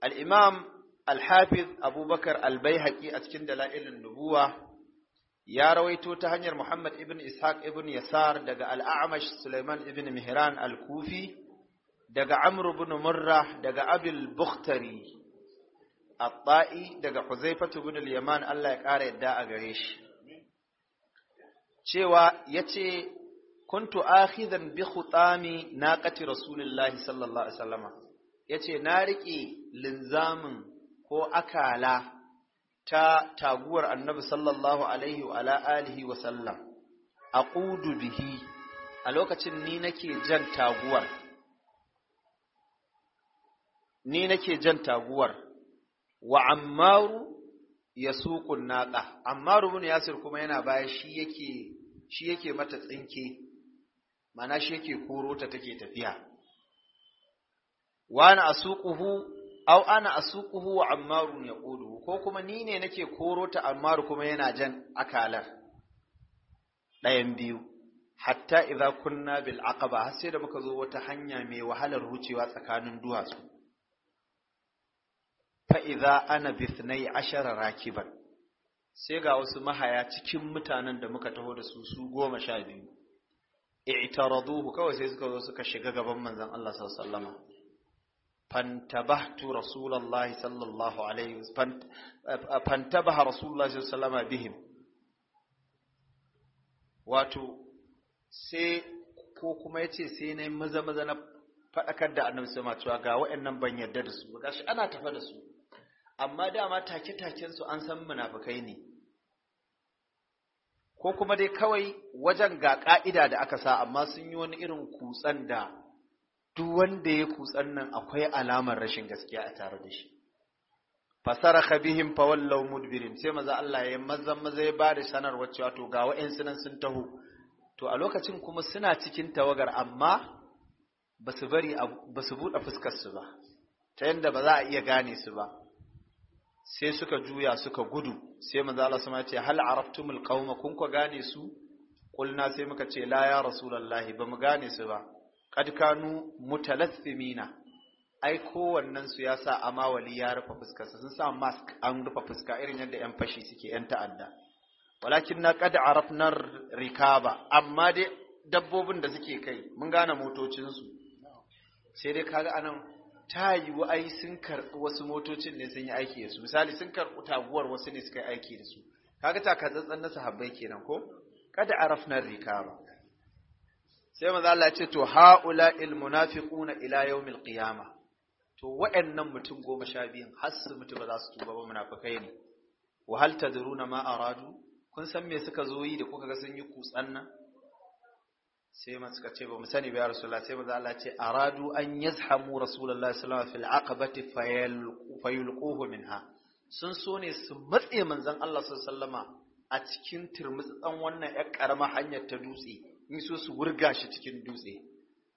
al-imam al-hafiz abubakar al-baihaqi a cikin dalailin nubuwa ya rawaito ta hanyar muhammad ibn ishaq ibn yasar daga al-a'mash sulaiman ibn mihran al-kufi daga amr ibn murra daga Abil bukhtari al tai daga huzaifatu ibn al-yaman Allah ya ƙara yadda a gare shi cewa ce. kuntu akhidan bi khutami naqati rasulillahi sallallahu alaihi wasallama yace na rike linzamin ko akala ta taguwar annabi sallallahu alaihi wa ala alihi wa sallam aqudu bihi a lokacin ni nake jan taguwar ni nake jan taguwar wa ammaru yasuqun naqa ammaru ibn yasir kuma yana baya shi yake shi yake mata tsinke mana shi yake koro ta take tafiya wa ana asuquhu aw ana asuquhu wa ammarun yaqulu ko kuma ni ne nake koro ta ammaru kuma yana jan akalar ɗayan biyu hatta idza kunna bil aqaba har sai da muka zo wata hanya mai wahalar wucewa tsakanin duwatsu fa idza ana bi 12 rakiban sai ga wasu mahaya cikin mutanen da muka taho da su su goma sha biyu i'taraduhu kawai sai suka zo suka shiga gaban manzon Allah sallallahu alaihi wasallam fantabahtu rasulullahi sallallahu alaihi wasallam fantabaha rasulullahi sallallahu alaihi wasallam bihim wato sai ko kuma yace sai na maza maza na faɗakar da annabi sama cewa ga waɗannan ban yarda da su gashi ana tafa da su amma dama take-taken su an san munafukai ne ko kuma dai kawai wajen ga ƙa'ida da aka sa amma sun yi wani irin kutsan da duk wanda ya kutsan nan akwai alamar rashin gaskiya a tare da shi fasara kabihin fawon laumud birin sai maza Allah ya mazan maza ya bada sanar wacce wato ga wa'ansu nan sun taho to a lokacin kuma suna cikin tawagar amma ba su bari ba su buɗe fuskarsu su ba ta yadda ba za a iya gane su ba sai suka juya suka gudu sai manzala sama sama ce hal araftumul qauma kun ku gane su kulna sai muka ce la ya rasulullahi ba mu gane su ba kad kanu mutalassimina ai kowannan su ya sa amawali ya rufe fuska sun sa mask an rufe fuska irin yadda yan fashi suke yan ta'adda walakin na kad arafna rikaba amma dai dabbobin da suke kai mun gane motocin su sai dai kaga anan ta wa ai sun karɓi wasu motocin ne sun yi aiki da su misali sun karɓi taguwar wasu ne suka yi aiki da su kaga tsantsan na sahabbai kenan ko kada arafna rikaba sai manzo Allah ya ce to haula il munafiquna ila yawmil qiyama to wa'annan mutum goma sha biyun har su mutu ba za su tuba ba munafikai ne wa hal tadruna ma aradu kun san me suka zo yi da kuka ga sun yi kutsan nan sai masu suka ce ba mu sani ba rasulullah sai maza Allah ce aradu an yazhamu rasulullah sallallahu alaihi wasallam fil aqabati fayulquhu minha sun so ne su matse manzon Allah sallallahu alaihi a cikin dan wannan yar karama hanyar ta dutse in so su wurga shi cikin dutse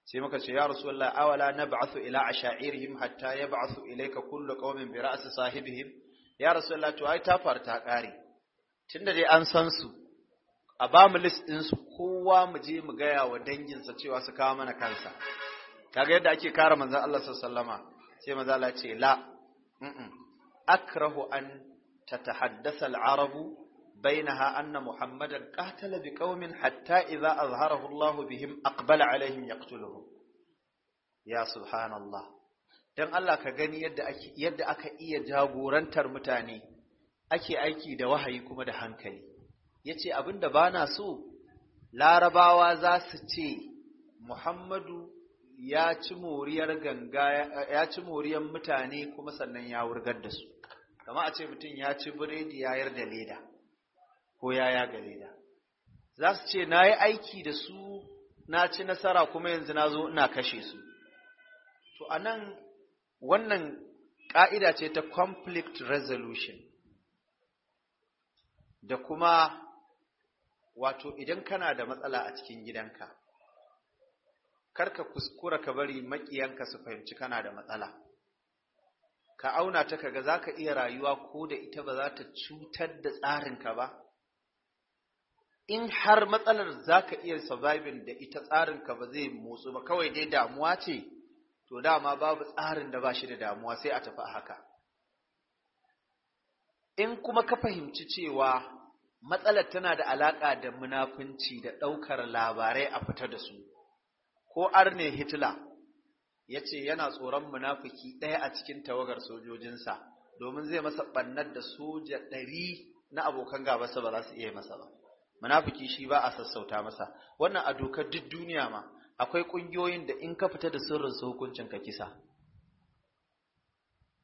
sai muka ce ya rasulullah awala nab'athu ila ashairihim hatta yab'athu ilayka kullu qawmin bi ra'si sahibihim ya rasulullah to ai ta farta kare tunda dai an san su a ba mu list ɗinsu kowa mu je mu gaya wa danginsa cewa su kawo mana kansa kaga yadda ake kare manzon Allah sallama sai manzo Allah ce la akrahu an tatahaddasa al-arabu bainaha anna Muhammadan qatala bi qaumin hatta idza azharahu بهم bihim aqbala alaihim yaqtuluhum Ya subhanallah. dan Allah ka gani yadda ake yadda aka iya jagorantar mutane ake aiki da wahayi kuma da hankali Ya ce yace da bana so larabawa za su ce Muhammadu ya ci moriyar ganga ya ci moriyar mutane kuma sannan ya wurgar da su kama a ce mutum ya ci biredi ya yarda leda ko ya yaga leda za su ce na yi aiki da su na ci nasara kuma yanzu na zo ina kashe su to a nan wannan ƙa'ida ce ta conflict resolution da kuma wato idan kana da matsala a cikin gidanka karka kuskura ka bari makiyanka su fahimci kana da matsala ka auna ta kaga za ka iya rayuwa ko da ita ba za ta cutar da tsarinka ba in har matsalar za ka iya surviving da ita tsarinka ba zai motsu ba kawai dai damuwa ce to dama babu tsarin da ba shi da damuwa sai a tafi haka in kuma ka fahimci cewa matsalar tana da alaƙa da munafunci da ɗaukar labarai a fita da su ko arne hitler ya ce yana tsoron munafuki ɗaya a cikin tawagar sojojinsa domin zai masa ɓannar da soja ɗari na abokan gaba ba za su iya masa ba munafuki shi ba a sassauta masa wannan a dokar duk duniya ma akwai ƙungiyoyin da in ka fita da sirrin su hukuncin ka kisa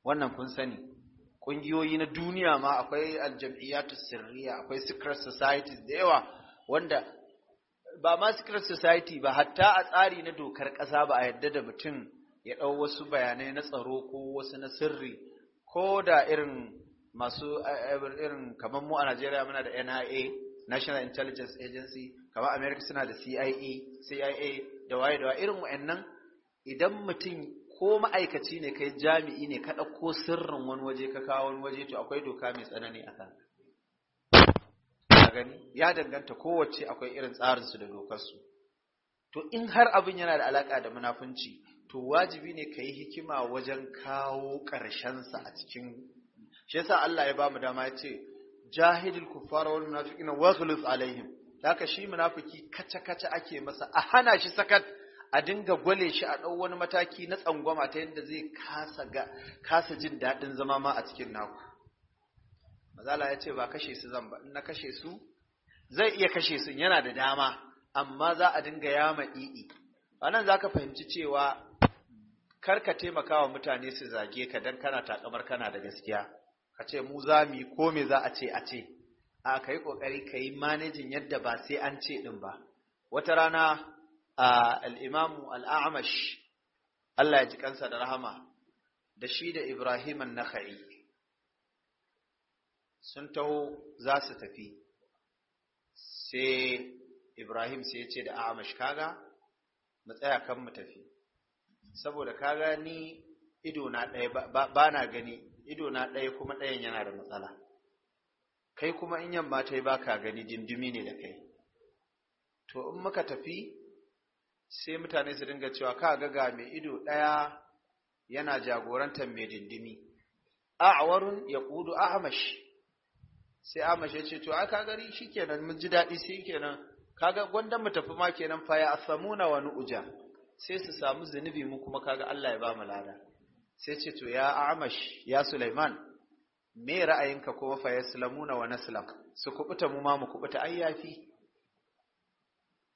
wannan kun sani ƙungiyoyi na duniya ma akwai aljam'iyyatu sirriya akwai secret societies da yawa wanda ba ma secret society ba hatta a tsari na dokar ƙasa ba a yadda da mutum ya ɗau wasu bayanai na tsaro ko wasu na sirri ko da irin masu eh, eh, irin kamar mu a Najeriya muna da NIA National Intelligence Agency kamar America suna da CIA CIA da waye da irin waɗannan idan mutum ko ma'aikaci ne kai jami'i ne ka ɗauko sirrin wani waje ka kawo wani waje to akwai doka mai tsanani a kan gani ya danganta kowace akwai irin tsarinsu da dokarsu to in har abin yana da alaƙa da munafunci to wajibi ne ka yi hikima wajen kawo ƙarshensa a cikin shi yasa Allah ya ba mu dama ya ce jahilul kuffara wal munafiqina wa alaihim haka shi munafiki kaca kaca ake masa a hana shi sakat a dinga gwale shi a ɗau wani mataki na tsangwama ta yadda zai kasa jin daɗin zama ma a cikin naku mazala ya ce ba kashe su zan ba in na kashe su zai iya kashe su yana da dama amma za a dinga yama i'i a nan za ka fahimci cewa kar ka taimaka wa mutane su zage ka don kana takamar kana da gaskiya ka ce mu za mu yi ko me za a ce a ce a ka yi ƙoƙari ka yi manajin yadda ba sai an ce ɗin ba wata rana A imam al-a'mash Allah ya ji kansa da rahama da shi da Ibrahim an-Nakhai sun taho za su tafi sai Ibrahim sai ya ce da A'mash kaga mu tsaya kan mu tafi saboda kaga ni ido na ɗaya ba na gani ido na ɗaya kuma ɗayan yana da matsala kai kuma in yamma ta yi ba gani dindimi ne da kai to in muka tafi sai mutane su dinga cewa ka ga ga mai ido ɗaya yana jagorantar mai dindimi a'warun ya kudu amashi sai amashi ya ce to aka gari kenan mun ji daɗi sai kenan kaga gwandan mu tafi ma kenan fa ya asamuna wani uja. sai su samu zunubi mu kuma kaga Allah ya ba mu lada sai ce to ya Amash ya sulaiman me ra'ayinka kuma fa na wa naslam su kubuta mu ma mu kubuta ayyafi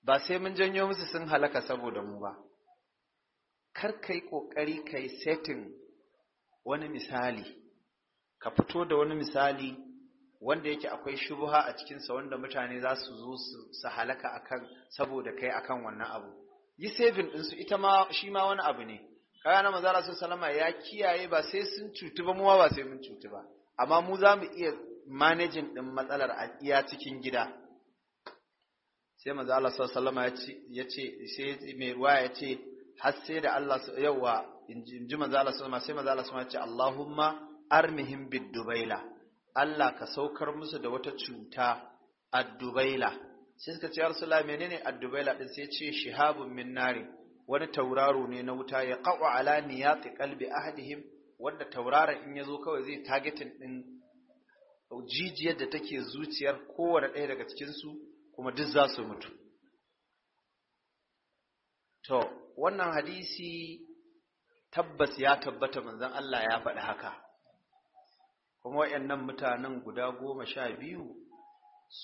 ba sai mun janyo musu sun halaka saboda mu ba kar ka yi ƙoƙari ka yi setin wani misali ka fito da wani misali wanda yake akwai shubuha a cikinsa wanda mutane za su zo su halaka akan saboda kai akan wannan abu yi saving ɗinsu ita ma shi ma wani abu ne Kaya na manzara sun salama ya kiyaye ba sai sun cutu ba muwa ba sai mun cutu ba amma mu za mu iya managing ɗin matsalar a iya cikin gida sai manzo Allah sallallahu alaihi ya ce sai mai ruwa ya ce har sai da Allah yawa in ji manzo Allah sallallahu alaihi sai manzo Allah sallallahu alaihi ya ce Allahumma armihim dubaila Allah ka saukar musu da wata cuta dubaila. sai suka ce rasulullah menene dubaila din sai ce shihabun min nari wani tauraro ne na wuta ya qa'u ala niyati qalbi ahadihim wanda tauraron in yazo kawai zai targeting din jijiyar da take zuciyar kowane ɗaya daga cikin su kuma duk za su mutu to wannan hadisi tabbas ya tabbata manzon Allah ya faɗi haka kuma waɗannan mutanen guda goma sha biyu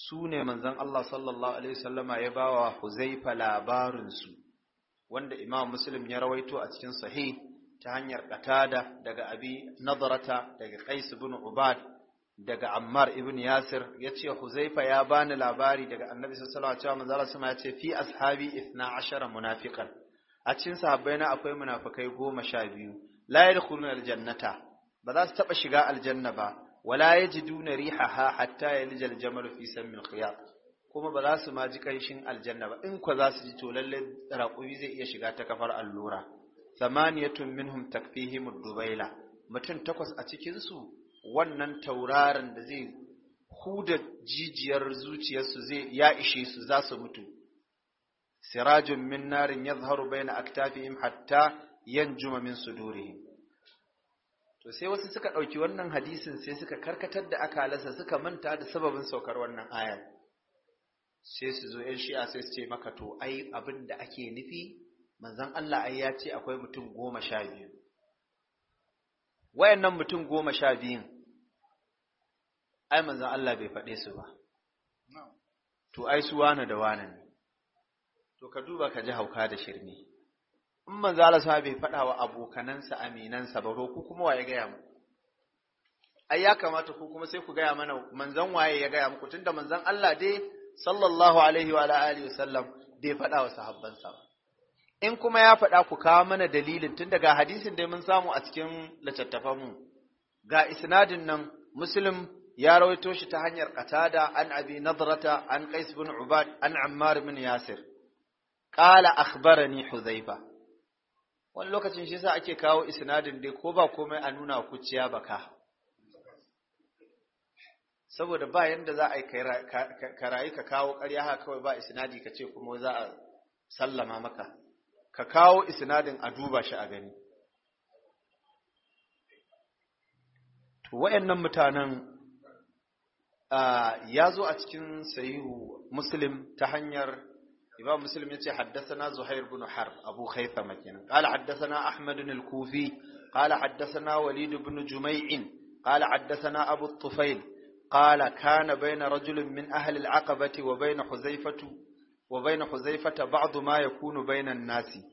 su ne manzon Allah sallallahu alaihi wasallama ya ba bawa Huzaifa labarinsu wanda Imam Muslim ya rawaito a cikin sahih ta hanyar ƙatada daga Abi nazarata daga Qais bin Ubad daga Ammar ibn Yasir ya ce Huzaifa ya bani labari daga Annabi sallallahu alaihi wasallam cewa manzo ya ce fi ashabi 12 munafiqan a cikin sahabbai na akwai munafikai 12 la yadkhulun aljannata ba za su taba shiga aljanna ba wala yajiduna rihaha hatta yalija aljamal fi sammi alqiyam kuma ba za su ma ji kanshin aljanna ba in ko za su ji to lalle raƙumi zai iya shiga ta kafar allura samaniyatun minhum takfihimud dubaila mutum takwas a cikin su wannan tauraron da zai huda jijiyar zuciyarsu zai ya ishe su za su mutu sirajun min narin na aktafi aktafihim hatta yanjuma min dore to sai wasu suka ɗauki wannan hadisin sai suka karkatar da akalarsa suka manta da sababin saukar wannan ayar sai su zo ‘yan shi'a sai su ce maka to ai abin da ake nufi manzan Allah ai ya ce akwai mutum goma sha biyu wayannan mutum goma sha biyun ai manzon Allah bai faɗe su ba to ai su wane da wane ne to ka duba ka ji hauka da shirme in manzon Allah sa bai faɗa wa abokanansa aminansa ba ko kuma waye gaya mu ai ya kamata ku kuma sai ku gaya mana manzon waye ya gaya muku tunda manzon Allah dai sallallahu alaihi wa alihi wasallam bai faɗa wa sahabbansa ba in kuma ya faɗa ku kawo mana dalilin tun daga hadisin da mun samu a cikin littattafan mu ga isnadin nan muslim ya rawaito shi ta hanyar qatada an abi nadrata an qais bin ubad an ammar bin yasir qala akhbarani hudhaifa wani lokacin shi yasa ake kawo isnadin dai ko ba komai a nuna kuciya ba baka saboda ba yanda za a yi ka rayu ka kawo ƙarya haka kawai ba isnadi ka ce kuma za a sallama maka ka kawo isnadin a duba shi a gani to wayannan mutanen ya zo a cikin sahihu muslim ta hanyar imam muslim ya ce haddasana zuhair bin harb abu haifa kenan qala haddasana ahmad bin al-kufi qala haddasana walid bin jumai'in qala haddasana abu tufail qala kana bayna rajulin min ahli al-aqabati wa bayna huzaifatu wa bayna huzaifata ba'd ma yakunu bayna an-nasi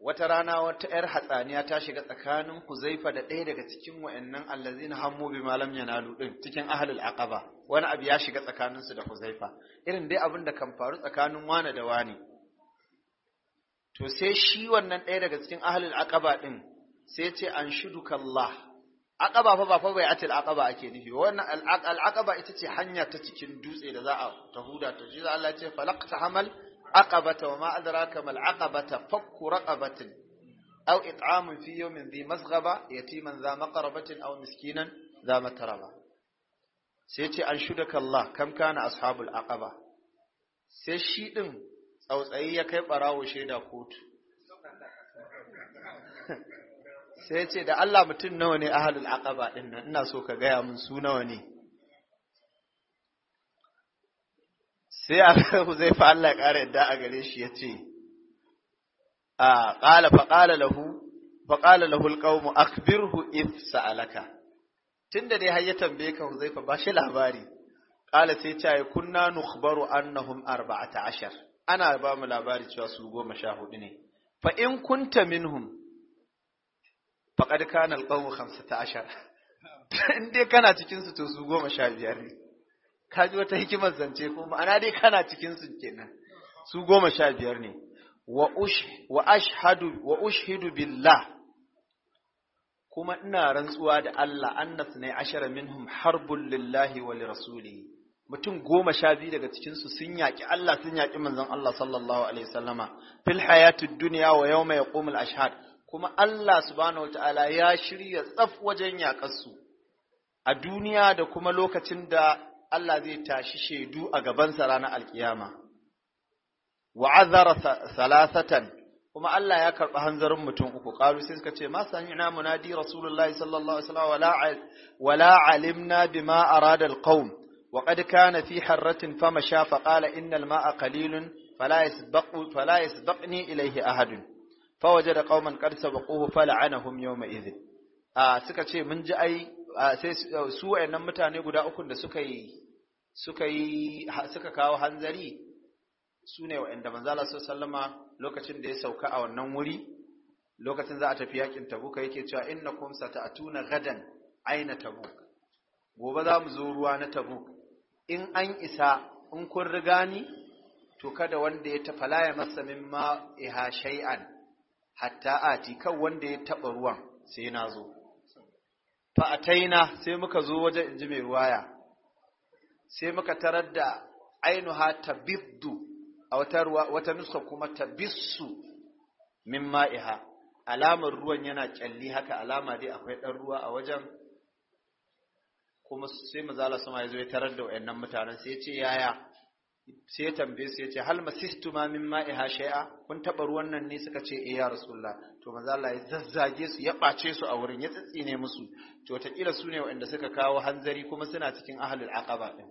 wata rana wata ‘yar hatsaniya ta shiga tsakanin Huzaifa da ɗaya daga cikin wa'yannan allazina hammu bi malam yanalu ɗin cikin ahalul aqaba wani abu ya shiga tsakaninsu da Huzaifa irin dai abin da kan faru tsakanin wani da wane to sai shi wannan ɗaya daga cikin ahalul aqaba ɗin sai ce an kallah aqaba fa ba fa bai atil aqaba ake nufi wannan al aqaba ita ce hanya ta cikin dutse da za a tahuda to shi Allah ya ce falaqta hamal aqabata wa ma adraka mal aqabata fakku raqabatin aw it'amun fi yawmin dhi masghaba yatiman dha maqrabatin aw miskinan dha mataraba sai ce an shudaka Allah kam kana ashabul aqaba sai shi din tsautsayi ya kai barawo shaida kotu sai ce da Allah mutum nawa ne ahalul aqaba din nan ina so ka gaya mun su nawa ne sai a fa Allah ƙara yadda a gare shi ya ce a ƙala faƙala lahu faƙala lahu alƙawmu akbirhu if sa'alaka tunda dai har ya tambaye ka fa ba shi labari ƙala sai ta yi kunna nukhbaru annahum arba'ata ashar ana ba mu labari cewa su goma sha hudu ne fa in kunta minhum faqad kana alqawmu khamsata ashar in dai kana cikinsu to su goma sha biyar ne ka ji wata hikimar zance ko ma'ana dai kana cikin su kenan su goma sha biyar ne wa ush wa ashhadu wa kuma ina rantsuwa da Allah annas ne ashara minhum harbun lillahi wa lirasuli mutum goma sha biyu daga cikinsu sun yaƙi Allah sun yaƙi manzon Allah sallallahu alaihi wasallama fil hayatud dunya wa yawma yaqumul ashhad kuma Allah subhanahu Ta'ala ya shirya tsaf wajen yaƙar a duniya da kuma lokacin da Allah zai tashi shaidu a gabansa ranar alkiyama. Wa'azara salasatan, kuma Allah ya karɓi hanzarin mutum uku, ƙalu sai suka ce, Ma na munadi Rasulullahi sallallahu Alaihi wala alimna bima arada alqawm wa qad kana fi harratin fama sha faqala innal ma'a qalilun fala yasbaqu fala yasbaqni ilayhi da fawajada ƙarsa qad sabaquhu fala'anahum yawma idhin a ah, suka ce mun ji ai sai su wayannan mutane guda uku da suka yi suka yi suka kawo hanzari su ne wa'anda manzala su sallama lokacin da ya sauka a wannan wuri lokacin za a tafi yakin tabuka yake cewa innakum atuna gadan aina tabuk gobe za mu zo ruwa na tabuk in an isa in kun riga ni to kada wanda ya tafa la ya masa mimma iha shay'an hatta ati kan wanda ya taba ruwan sai na zo fa'ataina sai muka zo wajen inji mai ruwaya sai muka tarar da ainuha tabiddu a wata wata nuska kuma tabissu min ma'iha alamar ruwan yana kyalli haka alama dai akwai ɗan ruwa a wajen kuma sai mazala sama ya zo ya tarar da wayannan mutanen sai ya ce yaya sai ya tambaye su ya ce hal masistu ma min ma'iha shay'a kun taba ruwan nan ne suka ce eh ya rasulullah to manzo Allah ya zazzage su ya bace su a wurin ya tsitsine musu to ta kila su ne waɗanda suka kawo hanzari kuma suna cikin ahlul aqaba din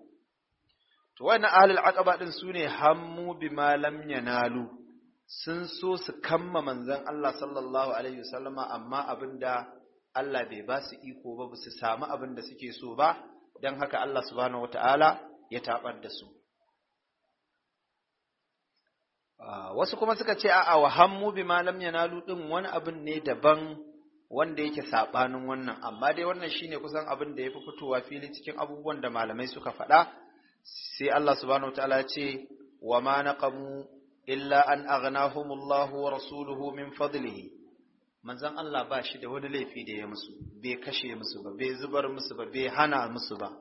to wannan ahlul aqaba din su ne hammu ma lam yanalu sun so su kamma manzon Allah sallallahu alaihi wasallama amma abinda Allah bai ba su iko ba su samu abin da suke so ba dan haka Allah subhanahu wataala ya tabar da su Ah, wasu kuma suka ce a'a wa hammu bi malam yanalu din wani abin ne daban wanda yake saɓanin wannan amma dai wannan shine kusan abin da ya fi fitowa fili cikin abubuwan da malamai suka faɗa sai Allah subhanahu wataala ya ce wa ma naqamu illa an aghnahumullahu wa rasuluhu min fadlihi manzon Allah ba shi da wani laifi da ya musu bai kashe musu ba bai zubar musu ba bai hana musu ba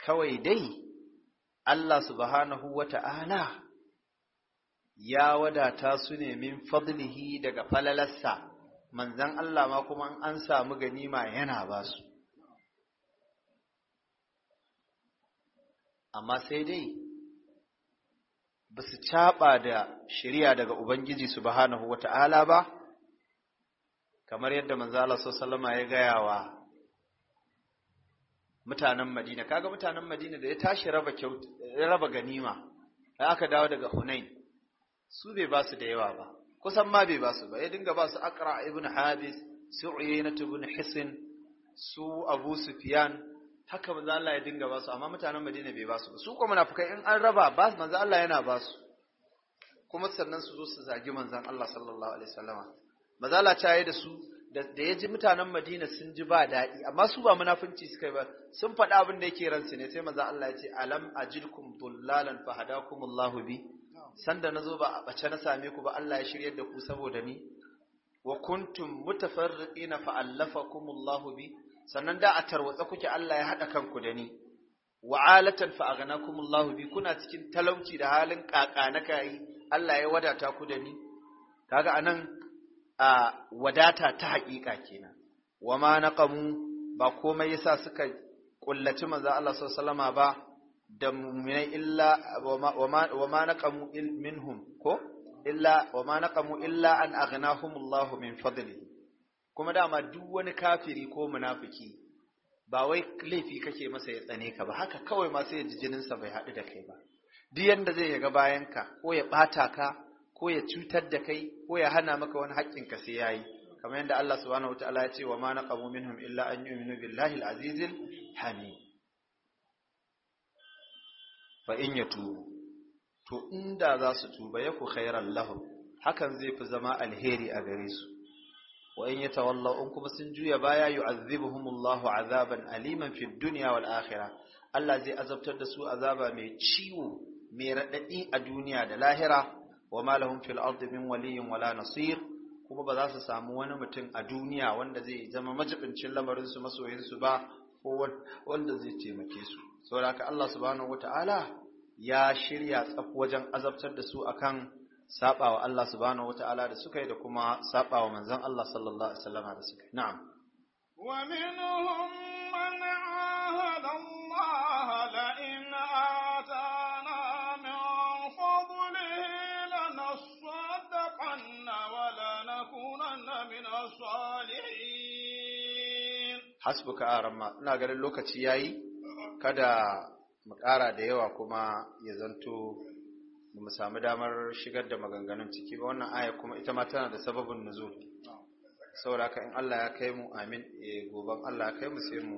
kawai dai Allah subhanahu wataala ya wadata su ne min fadlihi daga falalarsa manzan Allah ma kuma an samu ganima yana ba su amma sai dai ba su caɓa da shirya daga Ubangiji subhanahu wa ta'ala ba kamar yadda manzala sallama ya gaya wa mutanen Madina kaga mutanen Madina da ya tashi raba ganima da aka dawo daga Hunain su bai ba su da yawa ba kusan ma bai ba su ba ya dinga ba su akra ibn habis su na ibn hisin su abu sufyan haka manzo Allah ya dinga ba su amma mutanen Madina bai ba su ba su kuma munafikai in an raba ba manzo Allah yana ba su kuma sannan su zo su zagi manzon Allah sallallahu alaihi wasallama manzo Allah ta yi da su da ya ji mutanen Madina sun ji ba daɗi amma su ba munafunci suka yi ba sun faɗi abin da yake ransu ne sai manzo Allah ya ce alam ajilkum dullalan fahadakumullahu bi sanda na zo ba a bace na same ku ba Allah ya shirya da ku saboda ni wa kuntum mutafarriqina fa Allah bi sannan da a tarwatsa kuke Allah ya hada kanku da ni wa alatan fa Allah bi kuna cikin talauci da halin kaka na kai Allah ya wadata ku da ni kaga anan a wadata ta haƙiƙa kenan wa ma naqamu ba komai yasa suka kullaci manzo Allah sallallahu alaihi wasallama ba da mu'minai illa wa ma naqamu minhum ko illa wa ma naqamu illa an aghnahumullahu min fadlihi kuma dama duk wani kafiri ko munafiki ba wai laifi kake masa ya tsane ka ba haka kawai ma sai jijinin sa jininsa bai haɗu da kai ba duk yanda zai yaga bayan ka ko ya ɓata ka ko ya cutar da kai ko ya hana maka wani haƙƙin ka sai yayi kamar yadda Allah subhanahu wataala ya ce wa ma naqamu minhum illa an yu'minu billahi al-azizil hamid fa in yatubu to inda za su tuba yaku khairan lahum hakan zai fi zama alheri a gare su wa in yatawallaw in kuma sun juya baya yu'adhibuhumullahu azaban aliman fid dunya wal akhirah Allah zai azabtar da su azaba mai ciwo mai radadi a duniya da lahira wa ma lahum fil ardi min waliyyin wala nasir kuma ba za su samu wani mutum a duniya wanda zai zama majibincin lamarin su masoyin su ba ko wanda zai taimake su saboda haka Allah subhanahu wata'ala ya shirya tsaf wajen azabtar da su akan sabawa Allah subhanahu wata'ala da suka yi da kuma sabawa manzon Allah sallallahu alaihi wasallam da suka yi na'am wa minhum man ahada Allah la in atana min fadlihi lanasaddaqanna wa lanakunanna min as-salihin hasbuka aramma ina ganin lokaci yayi kada mu ƙara da yawa kuma ya zanto mu samu damar shigar da maganganun ciki ba wannan aya kuma ita ma tana da sababin nuzul saboda haka in Allah ya kai mu amin eh goban Allah ya kai mu sai mu